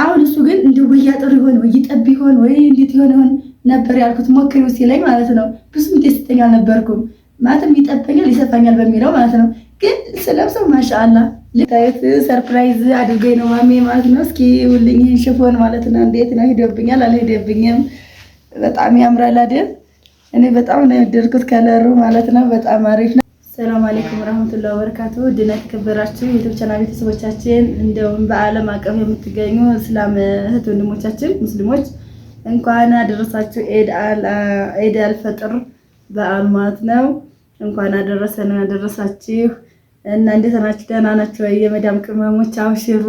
አሁን እሱ ግን እንደ ወይ ያጥር ይሆን ወይ ይጠብ ይሆን ወይ እንዴት ይሆን ይሆን ነበር ያልኩት ሞክሪው ሲለኝ ማለት ነው። ብዙም ደስተኛ አልነበርኩም ማለትም ይጠበኛል ይሰፋኛል በሚለው ማለት ነው። ግን ስለብሰው ማሻአላ ልታየት ሰርፕራይዝ አድርገኝ ነው ማሜ ማለት ነው። እስኪ ውልኝ ይህን ሽፎን ማለት ነው። እንዴት ነው ሂደብኛል አልሂደብኝም? በጣም ያምራል አይደል? እኔ በጣም ነው የወደድኩት ከለሩ ማለት ነው። በጣም አሪፍ ነው። ሰላም አለይኩም ወራህመቱላሂ ወበረካቱ። ድና የተከበራችሁ የዩቲዩብ ቻናል ቤተሰቦቻችን እንደውም በዓለም አቀፍ የምትገኙ እስላም እህት ወንድሞቻችን ሙስሊሞች እንኳን አደረሳችሁ ዒድ አልፈጥር በዓል ማለት ነው። እንኳን አደረሰን አደረሳችሁ። እና እንዴት ናችሁ? ደህና ናችሁ? የመዳም ቅመሞች አብሽሩ።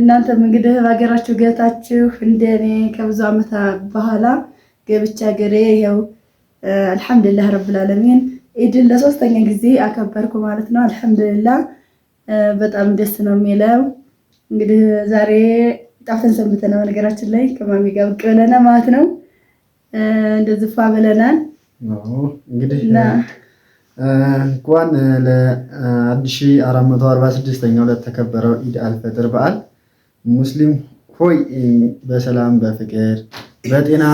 እናንተም እንግዲህ በሀገራችሁ ገብታችሁ እንደኔ ከብዙ ዓመት በኋላ ገብቻ ሀገሬ ይኸው አልሐምዱሊላህ ረብል ዓለሚን ኢድን ለሶስተኛ ጊዜ አከበርኩ ማለት ነው። አልሐምዱሊላ በጣም ደስ ነው የሚለው። እንግዲህ ዛሬ ጣፍን ሰንብተና ነገራችን ላይ ከማሚ ጋር ብቅ ብለና ማለት ነው። እንደዚህ ፋ ብለናል። እንግዲህ እንኳን ለ1446ኛው ለተከበረው ኢድ አልፈጥር በዓል ሙስሊም ሆይ በሰላም በፍቅር በጤና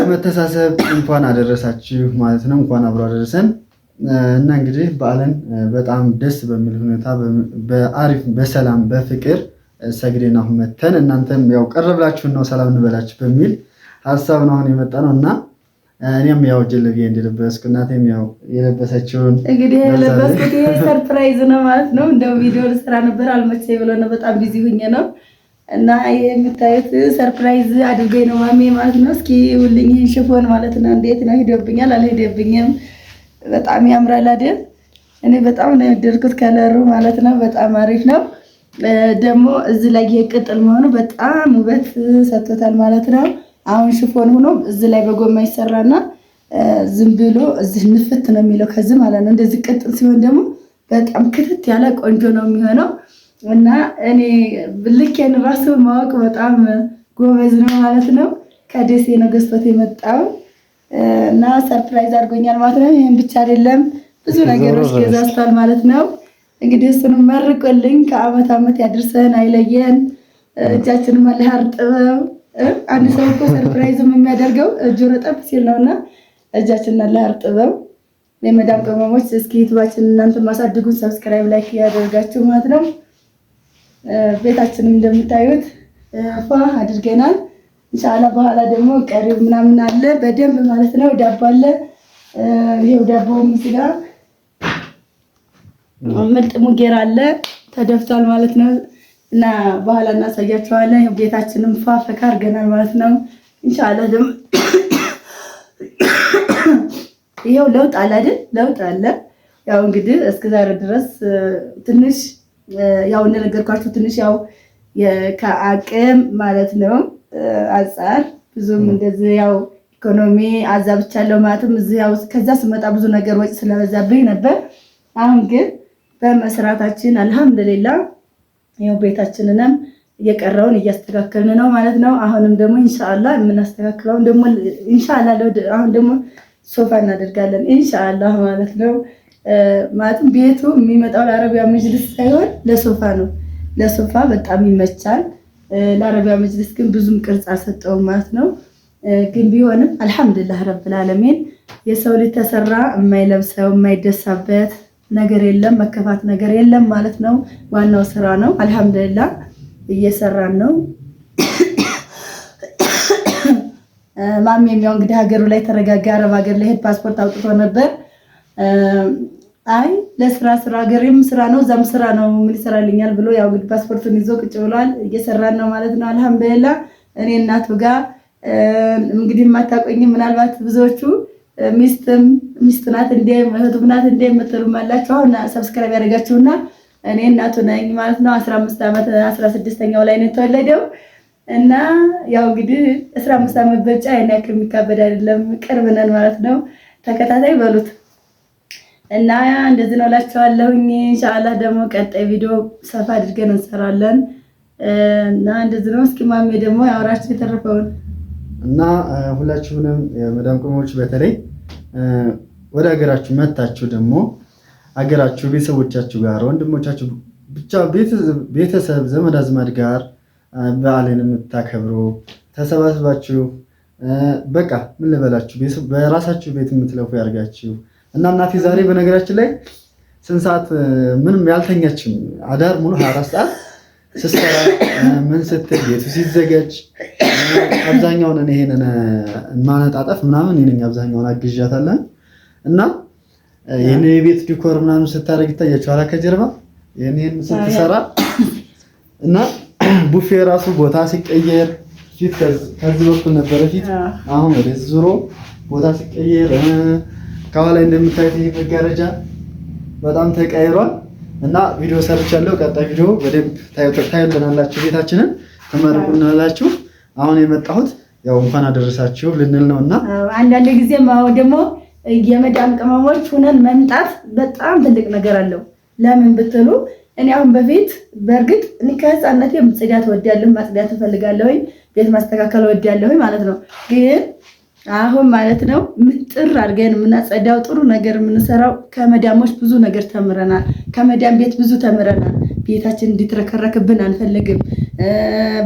በመተሳሰብ እንኳን አደረሳችሁ ማለት ነው። እንኳን አብሮ አደረሰን እና እንግዲህ በዓልን በጣም ደስ በሚል ሁኔታ በአሪፍ በሰላም በፍቅር ሰግደን አሁን መተን እናንተም ያው ቀረብላችሁን ነው ሰላም እንበላችሁ በሚል ሀሳብ ነው አሁን የመጣ ነው እና እኔም ያው ጀለቢያ እንደለበስኩ እናቴም ያው የለበሰችውን እንግዲህ የለበስኩት ይሄ ሰርፕራይዝ ነው ማለት ነው። እንደው ቪዲዮ ልስራ ነበር አልመቼ ብሎ ነው በጣም ቢዚ ሁኜ ነው እና የምታዩት ሰርፕራይዝ አድርገኝ ነው ማሜ ማለት ነው። እስኪ ውልኝ ሽፎን ማለት ነው። እንዴት ነው? ሄደብኛል አልሄደብኝም? በጣም ያምራል አይደል? እኔ በጣም ነው የወደድኩት ከለሩ ማለት ነው። በጣም አሪፍ ነው። ደግሞ እዚህ ላይ የቅጥል መሆኑ በጣም ውበት ሰጥቶታል ማለት ነው። አሁን ሽፎን ሆኖ እዚህ ላይ በጎማ ይሰራና ዝም ብሎ እዚህ ንፍት ነው የሚለው ከዚህ ማለት ነው። እንደዚህ ቅጥል ሲሆን ደግሞ በጣም ክትት ያለ ቆንጆ ነው የሚሆነው። እና እኔ ልኬን ራሱ ማወቅ በጣም ጎበዝ ነው ማለት ነው። ከደሴ ነው ገዝቶት የመጣው እና ሰርፕራይዝ አድርጎኛል ማለት ነው። ይህም ብቻ አይደለም ብዙ ነገሮች ገዛዝቷል ማለት ነው። እንግዲህ እሱን መርቆልኝ ከአመት አመት ያድርሰን፣ አይለየን፣ እጃችን መልሃር ጥበብ አንድ ሰው እኮ ሰርፕራይዝም የሚያደርገው እጁ ረጠብ ሲል ነው እና እጃችን መልሃር አርጥበው። የመዳም ቅመሞች እስኪ ዩቱባችን እናንተ ማሳድጉን ሰብስክራይብ፣ ላይክ ያደርጋችሁ ማለት ነው። ቤታችንም እንደምታዩት ፋ አድርገናል። እንሻላ በኋላ ደግሞ ቀሪው ምናምን አለ በደንብ ማለት ነው። ዳቦ አለ። ይሄው ዳቦውም ስጋ ምርጥ ሙጌራ አለ ተደፍቷል ማለት ነው። እና በኋላ እናሳያቸዋለን። ቤታችንም ፋ ፈካ አድርገናል ማለት ነው። እንሻላ ደግሞ ይኸው ለውጥ አለ አይደል? ለውጥ አለ። ያው እንግዲህ እስከዛሬ ዛሬ ድረስ ትንሽ ያው እንደነገርኳችሁ ትንሽ ያው ከአቅም ማለት ነው አንጻር ብዙም እንደዚህ ያው ኢኮኖሚ አዛብቻለሁ ማለትም እዚህ ያው ከዛ ስመጣ ብዙ ነገር ወጪ ስለበዛብኝ ነበር። አሁን ግን በመስራታችን አልሐምድሌላ ያው ቤታችንንም እየቀረውን እያስተካከልን ነው ማለት ነው። አሁንም ደግሞ ኢንሻአላ የምናስተካክለው ደግሞ ኢንሻአላ አሁን ደግሞ ሶፋ እናደርጋለን ኢንሻአላ ማለት ነው። ማለትም ቤቱ የሚመጣው ለአረቢያ መጅልስ ሳይሆን ለሶፋ ነው። ለሶፋ በጣም ይመቻል። ለአረቢያ መጅልስ ግን ብዙም ቅርጽ አልሰጠውም ማለት ነው። ግን ቢሆንም አልሐምዱሊላህ ረብል የሰው ልጅ ተሰራ የማይለብሰው የማይደሳበት ነገር የለም፣ መከፋት ነገር የለም ማለት ነው። ዋናው ስራ ነው። አልሐምዱሊላህ እየሰራን ነው። ማሜ የሚያው እንግዲህ ሀገሩ ላይ ተረጋጋ። አረብ ሀገር ላይ ሄድ ፓስፖርት አውጥቶ ነበር አይ ለስራ ስራ ሀገሬም ስራ ነው እዛም ስራ ነው ምን ይሰራልኛል ብሎ ያው እንግዲህ ፓስፖርቱን ይዞ ቁጭ ብሏል። እየሰራን ነው ማለት ነው። አልሐምዱሊላ እኔ እናቱ ጋር እንግዲህ የማታቆኝ ምናልባት ብዙዎቹ ሚስትም ሚስት ናት እንዴ እህቱም ናት እንዴ የምትሉ አላችሁ። አሁን ሰብስክራይብ ያደረጋችሁና እኔ እናቱ ነኝ ማለት ነው። አስራ አምስት ዓመት አስራ ስድስተኛው ላይ ነው የተወለደው እና ያው እንግዲህ አስራ አምስት ዓመት በልጫ ያን ያክል የሚካበድ አይደለም ቅርብ ነን ማለት ነው። ተከታታይ በሉት እና ያ እንደዚህ ነው እላቸዋለሁኝ። ኢንሻአላህ ደግሞ ቀጣይ ቪዲዮ ሰፋ አድርገን እንሰራለን እና እንደዚህ ነው። እስኪ ማሜ ደግሞ ያወራችሁ የተረፈውን እና ሁላችሁንም የመዳም ቅመሞች በተለይ ወደ ሀገራችሁ መታችሁ ደግሞ ሀገራችሁ ቤተሰቦቻችሁ ጋር ወንድሞቻችሁ ብቻ ቤተሰብ ዘመድ አዝማድ ጋር በዓልን የምታከብሩ ተሰባስባችሁ በቃ ምን ልበላችሁ በራሳችሁ ቤት የምትለፉ ያርጋችሁ። እና እናቴ ዛሬ በነገራችን ላይ ስንት ሰዓት ምንም ያልተኛችም አዳር ሙሉ 24 ሰዓት ስትሰራ ምን ስትል ቤቱ ሲዘጋጅ አብዛኛውን እኔ ይሄንን ማነጣጠፍ ምናምን ይነኝ አብዛኛውን አግዣታለን እና ይህን የቤት ዲኮር ምናምን ስታደርግ ይታያችኋል ከጀርባ ይህን ስትሰራ እና ቡፌ ራሱ ቦታ ሲቀየር ፊት ከዚህ በኩል ነበረ ፊት አሁን ወደ ዙሮ ቦታ ሲቀየር ከኋላ እንደምታዩት ይህ መጋረጃ በጣም ተቀይሯል እና ቪዲዮ ሰርቻለሁ። ቀጣይ ቪዲዮ በደንብ ታዩልናላችሁ፣ ቤታችንን ትመርቁናላችሁ። አሁን የመጣሁት ያው እንኳን አደረሳችሁ ልንል ነው እና አንዳንድ ጊዜ ደግሞ የመዳም ቅመሞች ሁነን መምጣት በጣም ትልቅ ነገር አለው። ለምን ብትሉ እኔ አሁን በፊት በእርግጥ እኔ ከህፃነቴ ጽዳት ወዳለሁ፣ ማጽዳት እፈልጋለሁ፣ ቤት ማስተካከል ወዳለሁኝ ማለት ነው ግን አሁን ማለት ነው ምጥር አድርገን የምናጸዳው ጥሩ ነገር የምንሰራው ከመዳሞች ብዙ ነገር ተምረናል። ከመዳም ቤት ብዙ ተምረናል። ቤታችን እንዲትረከረክብን አንፈልግም።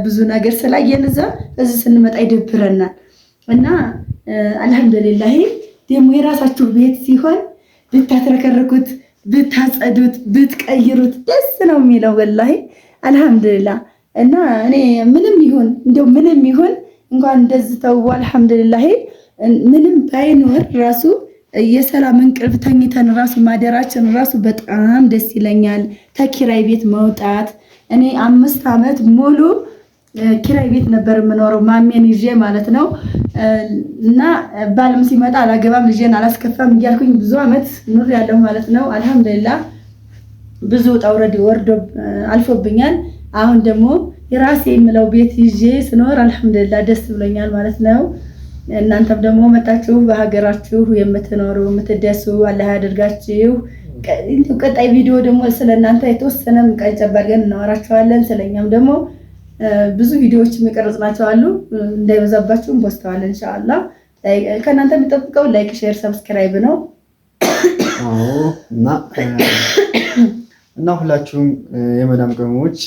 ብዙ ነገር ስላየን እዛ እዚህ ስንመጣ ይደብረናል እና አልሐምዱሊላህ ደግሞ የራሳችሁ ቤት ሲሆን ብታትረከርኩት፣ ብታጸዱት፣ ብትቀይሩት ደስ ነው የሚለው ወላሂ አልሐምዱሊላ እና እኔ ምንም ይሁን እንደው ምንም ይሁን እንኳን እንደዚህ ተው አልሐምዱሊላህ። ምንም ባይኖር ራሱ የሰላም እንቅልፍ ተኝተን ራሱ ማደራችን ራሱ በጣም ደስ ይለኛል። ከኪራይ ቤት መውጣት እኔ አምስት ዓመት ሙሉ ኪራይ ቤት ነበር የምኖረው ማሜን ይዤ ማለት ነው። እና ባልም ሲመጣ አላገባም ልጄን አላስከፋም እያልኩኝ ብዙ ዓመት ኑር ያለው ማለት ነው። አልሐምዱሊላህ ብዙ ውጣ ውረድ ወርዶ አልፎብኛል። አሁን ደግሞ የራሴ የምለው ቤት ይዤ ስኖር አልሐምዱላ ደስ ብሎኛል ማለት ነው። እናንተም ደግሞ መታችሁ በሀገራችሁ የምትኖሩ የምትደሱ አላህ ያደርጋችሁ። ቀጣይ ቪዲዮ ደግሞ ስለ እናንተ የተወሰነም ቀን ጨባድ እናወራችኋለን። ስለኛም ደግሞ ብዙ ቪዲዮዎች የሚቀረጽ ናቸው አሉ እንዳይበዛባችሁ እንፖስተዋለን እንሻላ። ከእናንተ የሚጠብቀው ላይክ፣ ሼር፣ ሰብስክራይብ ነው እና እና ሁላችሁም የመዳም ቅመሞች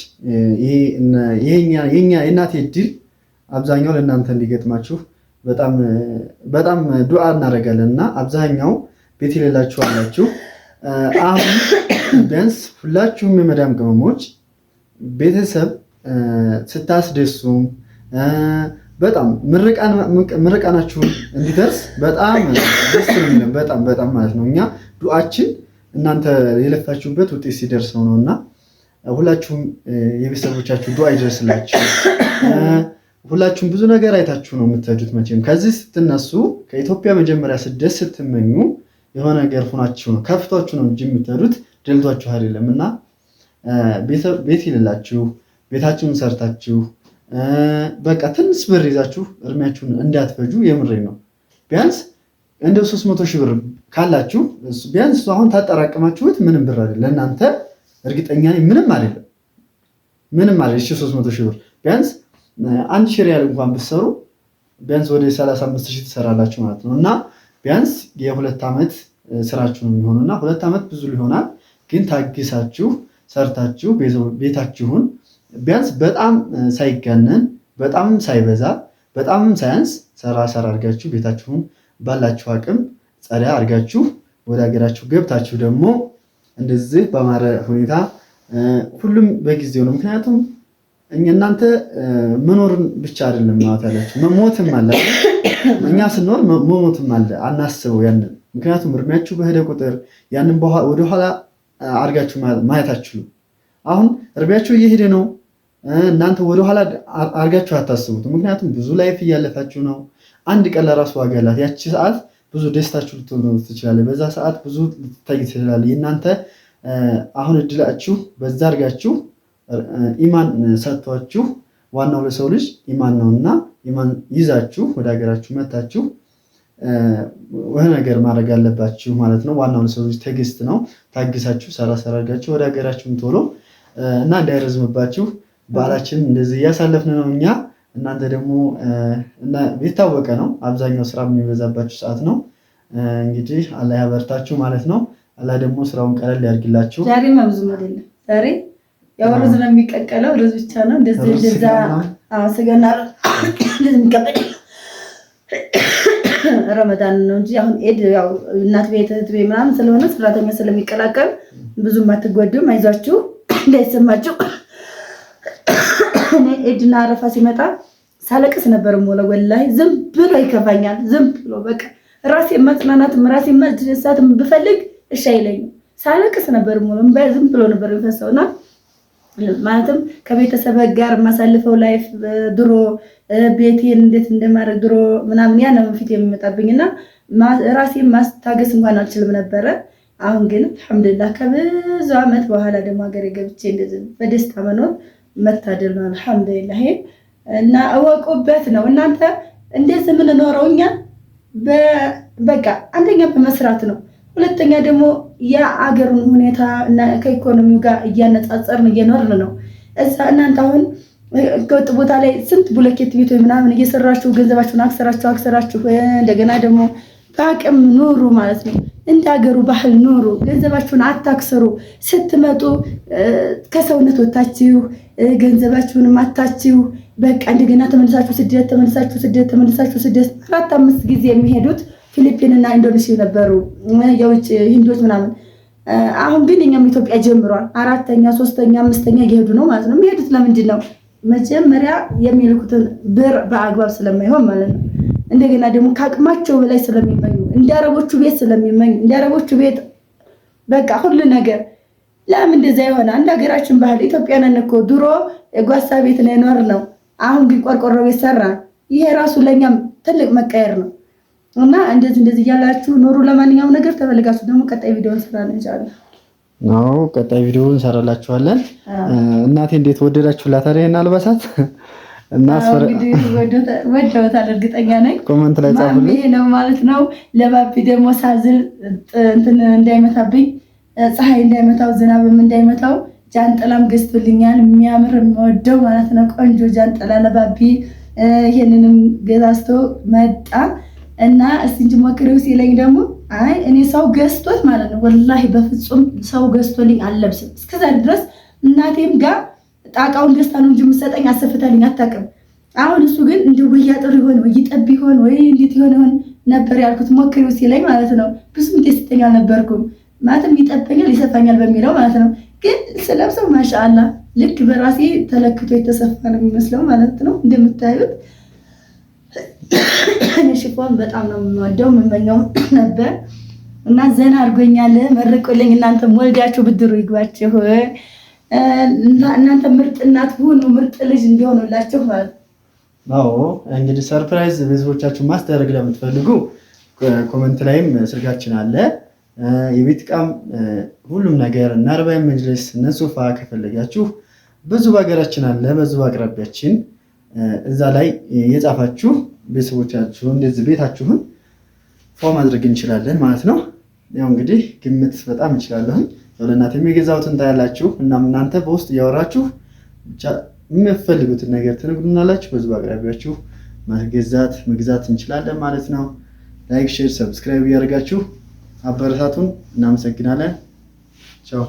የእናቴ ድል አብዛኛው ለእናንተ እንዲገጥማችሁ በጣም ዱዓ እናደርጋለን እና አብዛኛው ቤት የሌላችሁ አላችሁ። አሁን ቢያንስ ሁላችሁም የመዳም ቅመሞች ቤተሰብ ስታስደሱም በጣም ምርቃናችሁን እንዲደርስ በጣም ደስ በጣም በጣም ማለት ነው እኛ ዱዓችን እናንተ የለፋችሁበት ውጤት ሲደርሰው ነው እና ሁላችሁም የቤተሰቦቻችሁ ዱዓ ይደርስላችሁ። ሁላችሁም ብዙ ነገር አይታችሁ ነው የምትሄዱት። መቼም ከዚህ ስትነሱ ከኢትዮጵያ መጀመሪያ ስደት ስትመኙ የሆነ ነገር ሆናችሁ ነው ከፍቷችሁ ነው እንጂ የምትሄዱት ደልቷችሁ አይደለም እና ቤት ይልላችሁ ቤታችሁን ሰርታችሁ በቃ ትንሽ ብር ይዛችሁ እድሜያችሁን እንዳትፈጁ። የምሬ ነው። ቢያንስ እንደ ሶስት መቶ ሺህ ብር ካላችሁ ቢያንስ አሁን ታጠራቀማችሁት ምንም ብር አይደለም ለእናንተ እርግጠኛ ነኝ ምንም አይደለም ምንም አይደለም እሺ 300 ሺህ ብር ቢያንስ አንድ ሺህ ሪያል እንኳን ብትሰሩ ቢያንስ ወደ 35 ሺህ ትሰራላችሁ ማለት ነው እና ቢያንስ የሁለት ዓመት ስራችሁ ነው የሚሆኑ እና ሁለት ዓመት ብዙ ሊሆናል ግን ታግሳችሁ ሰርታችሁ ቤታችሁን ቢያንስ በጣም ሳይጋነን በጣምም ሳይበዛ በጣምም ሳያንስ ሰራ ሰራ አድርጋችሁ ቤታችሁን ባላችሁ አቅም ጸዳ አድርጋችሁ ወደ ሀገራችሁ ገብታችሁ ደግሞ እንደዚህ በማረ ሁኔታ ሁሉም በጊዜው ነው። ምክንያቱም እኛ እናንተ መኖርን ብቻ አይደለም ማለት ያላችሁ መሞትም አለ። እኛ ስንኖር መሞትም አለ፣ አናስበው ያንን። ምክንያቱም እድሜያችሁ በሄደ ቁጥር ያንን ወደኋላ አድርጋችሁ ማየት አትችሉም። አሁን እድሜያችሁ እየሄደ ነው፣ እናንተ ወደኋላ አድርጋችሁ አታስቡት። ምክንያቱም ብዙ ላይፍ እያለፋችሁ ነው። አንድ ቀን ለራሱ ዋጋ ያቺ ሰዓት ብዙ ደስታችሁ ልትሆኑ ትችላለ። በዛ ሰዓት ብዙ ልትታይ ትችላለ። የእናንተ አሁን እድላችሁ በዛ አድርጋችሁ ኢማን ሰጥቷችሁ፣ ዋናው ለሰው ልጅ ኢማን እና ኢማን ይዛችሁ ወደ ሀገራችሁ መታችሁ ወደ ነገር ማድረግ አለባችሁ ማለት ነው። ዋናው ለሰው ልጅ ትዕግስት ነው። ታግሳችሁ ሰራ ሰራ አድርጋችሁ ወደ ሀገራችሁም ቶሎ እና እንዳይረዝምባችሁ በዓላችን እንደዚህ እያሳለፍን ነው እኛ እናንተ ደግሞ የታወቀ ነው፣ አብዛኛው ስራ የሚበዛባችሁ ሰዓት ነው። እንግዲህ አላ ያበርታችሁ ማለት ነው። አላ ደግሞ ስራውን ቀለል ያድርግላችሁ። ዛሬ ብዙ አይደለም፣ ዛሬ ያው ሩዝ ነው የሚቀቀለው፣ ሩዝ ብቻ ነው እንደዚህ እንደዛ። አዎ ስጋና የሚቀበል ረመዳን ነው እንጂ አሁን ኤድ ያው እናት ቤት እህት ቤት ምናምን ስለሆነ ሰራተኛ ስለሚቀላቀል ብዙም አትጎዱም። አይዟችሁ እንዳይሰማችሁ እኔ ኤድና አረፋ ሲመጣ ሳለቅስ ነበር ሞለ ወላሂ ዝም ብሎ ይከፋኛል። ዝም ብሎ በቃ ራሴ ማጽናናትም ራሴ ማስደሳትም ብፈልግ እሺ አይለኝም። ሳለቅስ ነበር ሞለ ዝም ብሎ ነበር የሚፈሰውና ማለትም ከቤተሰብ ጋር የማሳልፈው ላይፍ ድሮ ቤቴን እንዴት እንደማድረግ ድሮ ምናምን ያ ነው ፊት የሚመጣብኝና ራሴን ማስታገስ እንኳን አልችልም ነበረ። አሁን ግን አልሐምዱሊላህ ከብዙ ዓመት በኋላ ደግሞ ሀገሬ ገብቼ እንደዚህ በደስታ መኖር መታደል ነው። አልሐምዱሊላህ እና እወቁበት ነው። እናንተ እንደዚህ የምንኖረው እኛ በቃ አንደኛ በመስራት ነው። ሁለተኛ ደግሞ የአገሩን ሁኔታ እና ከኢኮኖሚው ጋር እያነጻጸርን እየኖርን ነው። እዛ እናንተ አሁን ከወጥ ቦታ ላይ ስንት ቡለኬት ቤት ወይ ምናምን እየሰራችሁ ገንዘባችሁን አክሰራችሁ አክሰራችሁ እንደገና ደግሞ በአቅም ኑሩ ማለት ነው። እንደ ሀገሩ ባህል ኑሩ። ገንዘባችሁን አታክስሩ። ስትመጡ ከሰውነት ወታችሁ ገንዘባችሁን ማታችሁ በቃ እንደገና ተመልሳችሁ ስደት ተመልሳችሁ ስደት ተመልሳችሁ ስደት አራት አምስት ጊዜ የሚሄዱት ፊሊፒን እና ኢንዶኔሲያ ነበሩ የውጭ ሂንዶች ምናምን። አሁን ግን እኛም ኢትዮጵያ ጀምሯል። አራተኛ፣ ሶስተኛ፣ አምስተኛ እየሄዱ ነው ማለት ነው። የሚሄዱት ለምንድን ነው? መጀመሪያ የሚልኩትን ብር በአግባብ ስለማይሆን ማለት ነው። እንደገና ደግሞ ከአቅማቸው በላይ ስለሚመኙ እንደ አረቦቹ ቤት ስለሚመኙ እንደ አረቦቹ ቤት በቃ ሁሉ ነገር ለምን እንደዛ የሆነ አንድ ሀገራችን ባህል ኢትዮጵያንን እኮ ድሮ የጓሳ ቤት ነው የኖር ነው። አሁን ግን ቆርቆሮ ቤት ሰራ። ይሄ ራሱ ለእኛም ትልቅ መቀየር ነው እና እንደዚህ እንደዚህ እያላችሁ ኖሩ። ለማንኛውም ነገር ተፈልጋችሁ ደግሞ ቀጣይ ቪዲዮ እንሰራለን እንችላለን። አዎ ቀጣይ ቪዲዮ እንሰራላችኋለን። እናቴ እንዴት ወደዳችሁላት ይሄን አልባሳት? እና ወደውታል እርግጠኛ ነኝ። ኮመንት ላይ ጻፉልኝ። ይሄ ነው ማለት ነው። ለባቢ ደግሞ ሳዝል እንትን እንዳይመታብኝ፣ ፀሐይ እንዳይመታው፣ ዝናብም እንዳይመታው ጃንጥላም ገዝቶልኛል። የሚያምር የምወደው ማለት ነው ቆንጆ ጃንጥላ ለባቢ ይሄንንም ገዛዝቶ መጣ እና እስቲ እንጂ ሞክሪው ሲለኝ ደግሞ አይ እኔ ሰው ገዝቶት ማለት ነው ወላሂ በፍጹም ሰው ገዝቶልኝ አለብስም። እስከዛ ድረስ እናቴም ጋር ጣቃውን ገዝታ ነው እንጂ የምትሰጠኝ አሰፍታልኝ አታውቅም። አሁን እሱ ግን እንደ ወይ ያጥር ይሆን ወይ ይጠብ ይሆን ወይ እንዴት ይሆን ይሆን ነበር ያልኩት። ሞክሪው ሲለኝ ማለት ነው ብዙም ደስተኛ አልነበርኩም። ማለትም ይጠበኛል ይሰፋኛል በሚለው ማለት ነው። ግን ስለብሰው ማሻአላ ልክ በራሴ ተለክቶ የተሰፋ ነው የሚመስለው ማለት ነው። እንደምታዩት ሽፎን በጣም ነው የምወደው የምመኘው ነበር እና ዘና አድርጎኛል። መርቁልኝ። እናንተም ወልዳችሁ ብድሩ ይግባችሁ። እናንተ ምርጥ እናት ሁኑ፣ ምርጥ ልጅ እንዲሆኑላችሁ ማለት ነው። እንግዲህ ሰርፕራይዝ ቤተሰቦቻችሁ ማስደረግ ለምትፈልጉ ኮመንት ላይም ስልካችን አለ። የቤት ዕቃም ሁሉም ነገር እና አርባይ መጅልስ እነ ሶፋ ከፈለጋችሁ ብዙ በሀገራችን አለ፣ ብዙ በአቅራቢያችን እዛ ላይ የጻፋችሁ ቤተሰቦቻችሁ እንደዚህ ቤታችሁን ፎ ማድረግ እንችላለን ማለት ነው። ያው እንግዲህ ግምት በጣም እንችላለሁኝ ለእናንተ የሚገዛውትን ታያላችሁ። እናም እናንተ በውስጥ እያወራችሁ ብቻ የሚፈልጉትን ነገር ትነግሩናላችሁ። በዚህ አቅራቢያችሁ ማስገዛት መግዛት እንችላለን ማለት ነው። ላይክ፣ ሼር፣ ሰብስክራይብ እያደርጋችሁ አበረታቱን። እናመሰግናለን። ቻው